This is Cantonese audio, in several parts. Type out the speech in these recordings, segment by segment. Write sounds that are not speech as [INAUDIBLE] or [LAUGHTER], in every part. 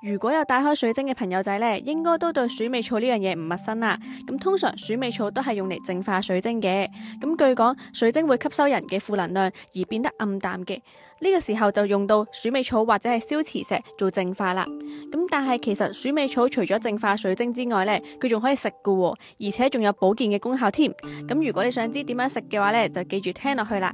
如果有戴開水晶嘅朋友仔呢，應該都對鼠尾草呢樣嘢唔陌生啦。咁通常鼠尾草都係用嚟淨化水晶嘅。咁據講，水晶會吸收人嘅負能量而變得暗淡嘅。呢個時候就用到鼠尾草或者係消磁石做淨化啦。咁但係其實鼠尾草除咗淨化水晶之外呢，佢仲可以食噶，而且仲有保健嘅功效添。咁如果你想知點樣食嘅話呢，就記住聽落去啦。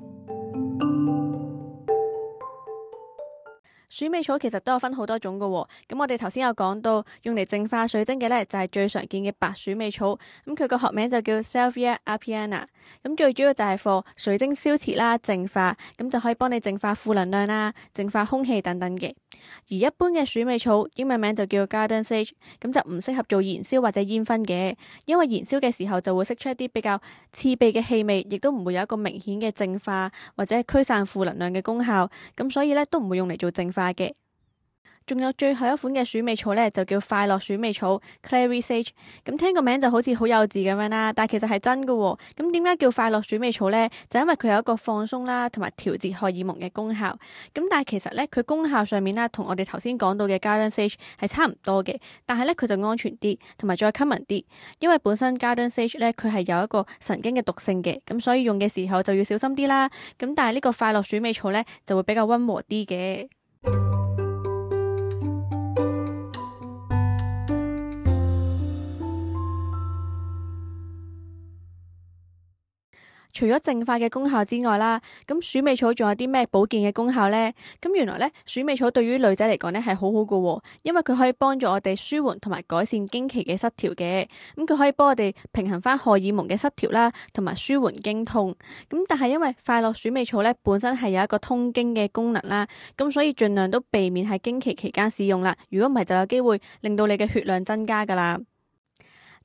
鼠尾草其實都有分好多種噶、哦，咁我哋頭先有講到用嚟淨化水晶嘅，呢就係、是、最常見嘅白鼠尾草，咁佢個學名就叫 Salvia apiana，咁最主要就係 for 水晶消磁啦淨化，咁就可以幫你淨化負能量啦，淨化空氣等等嘅。而一般嘅鼠尾草，英文名就叫 Garden Sage，咁就唔適合做燃燒或者煙熏嘅，因為燃燒嘅時候就會釋出一啲比較刺鼻嘅氣味，亦都唔會有一個明顯嘅淨化或者驅散負能量嘅功效，咁所以咧都唔會用嚟做淨化嘅。仲有最後一款嘅鼠尾草咧，就叫快樂鼠尾草 （Clary Sage）。咁聽個名就好似好幼稚咁樣啦，但係其實係真噶喔。咁點解叫快樂鼠尾草呢？就因為佢有一個放鬆啦，同埋調節荷爾蒙嘅功效。咁但係其實呢，佢功效上面啦，同我哋頭先講到嘅 Garden Sage 係差唔多嘅，但係呢，佢就安全啲，同埋再 common 啲，因為本身 Garden Sage 呢，佢係有一個神經嘅毒性嘅，咁所以用嘅時候就要小心啲啦。咁但係呢個快樂鼠尾草呢，就會比較温和啲嘅。除咗淨化嘅功效之外啦，咁鼠尾草仲有啲咩保健嘅功效呢？咁原來呢，鼠尾草對於女仔嚟講呢係好好噶，因為佢可以幫助我哋舒緩同埋改善經期嘅失調嘅。咁佢可以幫我哋平衡翻荷爾蒙嘅失調啦，同埋舒緩經痛。咁但係因為快樂鼠尾草呢本身係有一個通經嘅功能啦，咁所以盡量都避免喺經期期間使用啦。如果唔係就有機會令到你嘅血量增加噶啦。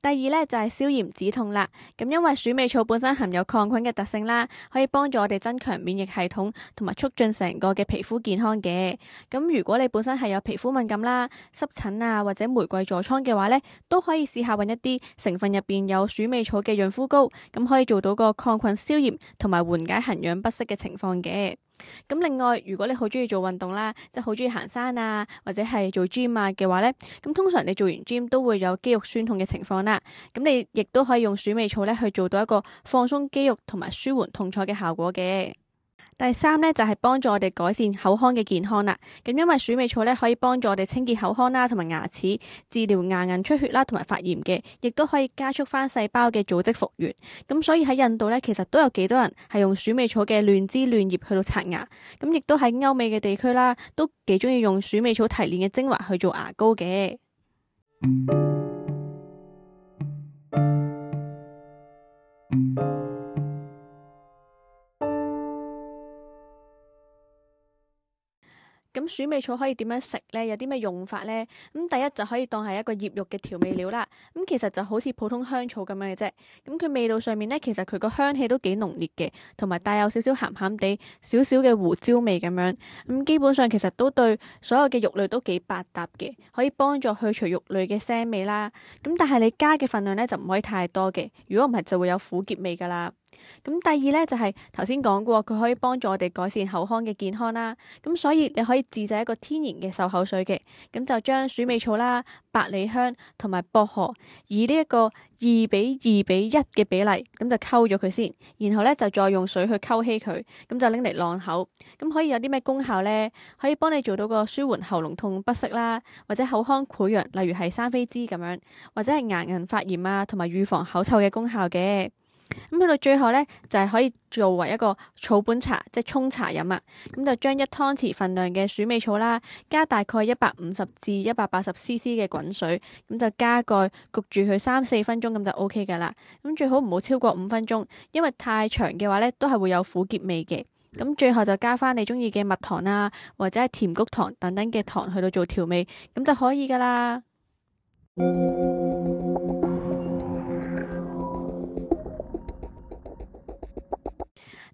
第二咧，就係消炎止痛啦，咁因為鼠尾草本身含有抗菌嘅特性啦，可以幫助我哋增強免疫系統，同埋促進成個嘅皮膚健康嘅。咁如果你本身係有皮膚敏感啦、濕疹啊、或者玫瑰痤瘡嘅話咧，都可以試下搵一啲成分入邊有鼠尾草嘅潤膚膏，咁可以做到個抗菌消炎同埋緩解痕癢不適嘅情況嘅。咁另外，如果你好中意做運動啦，即係好中意行山啊，或者係做 gym 啊嘅話呢，咁通常你做完 gym 都會有肌肉酸痛嘅情況啦。咁你亦都可以用鼠尾草咧去做到一個放鬆肌肉同埋舒緩痛楚嘅效果嘅。第三呢，就係幫助我哋改善口腔嘅健康啦，咁因為鼠尾草呢，可以幫助我哋清潔口腔啦，同埋牙齒治療牙齦出血啦，同埋發炎嘅，亦都可以加速翻細胞嘅組織復原。咁所以喺印度呢，其實都有幾多人係用鼠尾草嘅嫩枝嫩葉去到刷牙，咁亦都喺歐美嘅地區啦，都幾中意用鼠尾草提煉嘅精華去做牙膏嘅。嗯鼠尾草可以點樣食呢？有啲咩用法呢？咁第一就可以當係一個醃肉嘅調味料啦。咁其實就好似普通香草咁樣嘅啫。咁佢味道上面呢，其實佢個香氣都幾濃烈嘅，同埋帶有少少鹹鹹地、少少嘅胡椒味咁樣。咁基本上其實都對所有嘅肉類都幾百搭嘅，可以幫助去除肉類嘅腥味啦。咁但係你加嘅份量呢，就唔可以太多嘅，如果唔係就會有苦澀味噶啦。咁第二呢、就是，就係頭先講過，佢可以幫助我哋改善口腔嘅健康啦。咁所以你可以自製一個天然嘅漱口水嘅。咁就將鼠尾草啦、百里香同埋薄荷以呢一個二比二比一嘅比例咁就溝咗佢先，然後呢，就再用水去溝稀佢。咁就拎嚟晾口。咁可以有啲咩功效呢？可以幫你做到個舒緩喉嚨痛不適啦，或者口腔潰瘍，例如係生痱滋咁樣，或者係牙齦發炎啊，同埋預防口臭嘅功效嘅。咁去到最後呢，就係可以作為一個草本茶，即係沖茶飲啊。咁就將一湯匙份量嘅鼠尾草啦，加大概一百五十至一百八十 CC 嘅滾水，咁就加蓋焗住佢三四分鐘，OK，咁就 O K 噶啦。咁最好唔好超過五分鐘，因為太長嘅話呢，都係會有苦澀味嘅。咁最後就加翻你中意嘅蜜糖啦，或者係甜菊糖等等嘅糖去到做調味，咁就可以噶啦。 [MUSIC]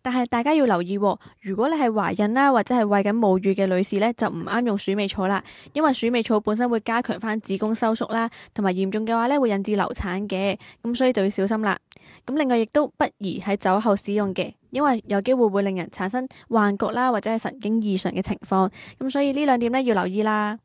但係大家要留意，哦，如果你係懷孕啦或者係餵緊母乳嘅女士呢，就唔啱用鼠尾草啦，因為鼠尾草本身會加強翻子宮收縮啦，同埋嚴重嘅話呢，會引致流產嘅，咁所以就要小心啦。咁另外亦都不宜喺酒後使用嘅，因為有機會會令人產生幻覺啦或者係神經異常嘅情況，咁所以呢兩點呢，要留意啦。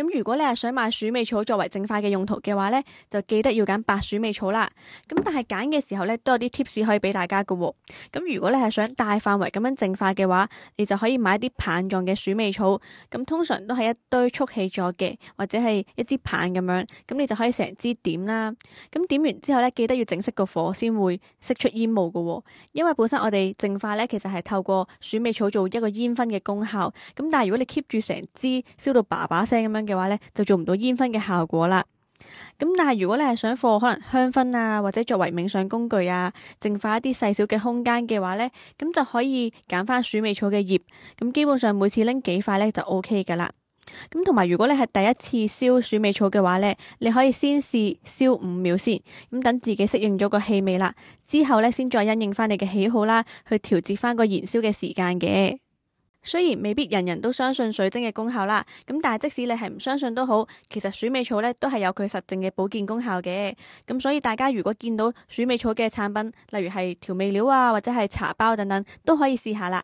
咁如果你係想買鼠尾草作為淨化嘅用途嘅話呢，就記得要揀白鼠尾草啦。咁但係揀嘅時候呢，都有啲 tips 可以俾大家嘅喎、哦。咁如果你係想大範圍咁樣淨化嘅話，你就可以買啲棒狀嘅鼠尾草。咁通常都係一堆束起咗嘅，或者係一支棒咁樣。咁你就可以成支點啦。咁點完之後呢，記得要整熄個火先會釋出煙霧嘅喎、哦。因為本身我哋淨化呢，其實係透過鼠尾草做一個煙熏嘅功效。咁但係如果你 keep 住成支燒到爸爸聲咁樣，嘅話咧，就做唔到煙熏嘅效果啦。咁但係如果你係想放，可能香薰啊，或者作為冥想工具啊，淨化一啲細小嘅空間嘅話咧，咁就可以揀翻鼠尾草嘅葉。咁基本上每次拎幾塊咧就 O K 噶啦。咁同埋如果你係第一次燒鼠尾草嘅話咧，你可以先試燒五秒先，咁等自己適應咗個氣味啦。之後咧先再因應翻你嘅喜好啦，去調節翻個燃燒嘅時間嘅。雖然未必人人都相信水晶嘅功效啦，咁但即使你係唔相信都好，其實鼠尾草呢都係有佢實證嘅保健功效嘅，咁所以大家如果見到鼠尾草嘅產品，例如係調味料啊或者係茶包等等，都可以試下啦。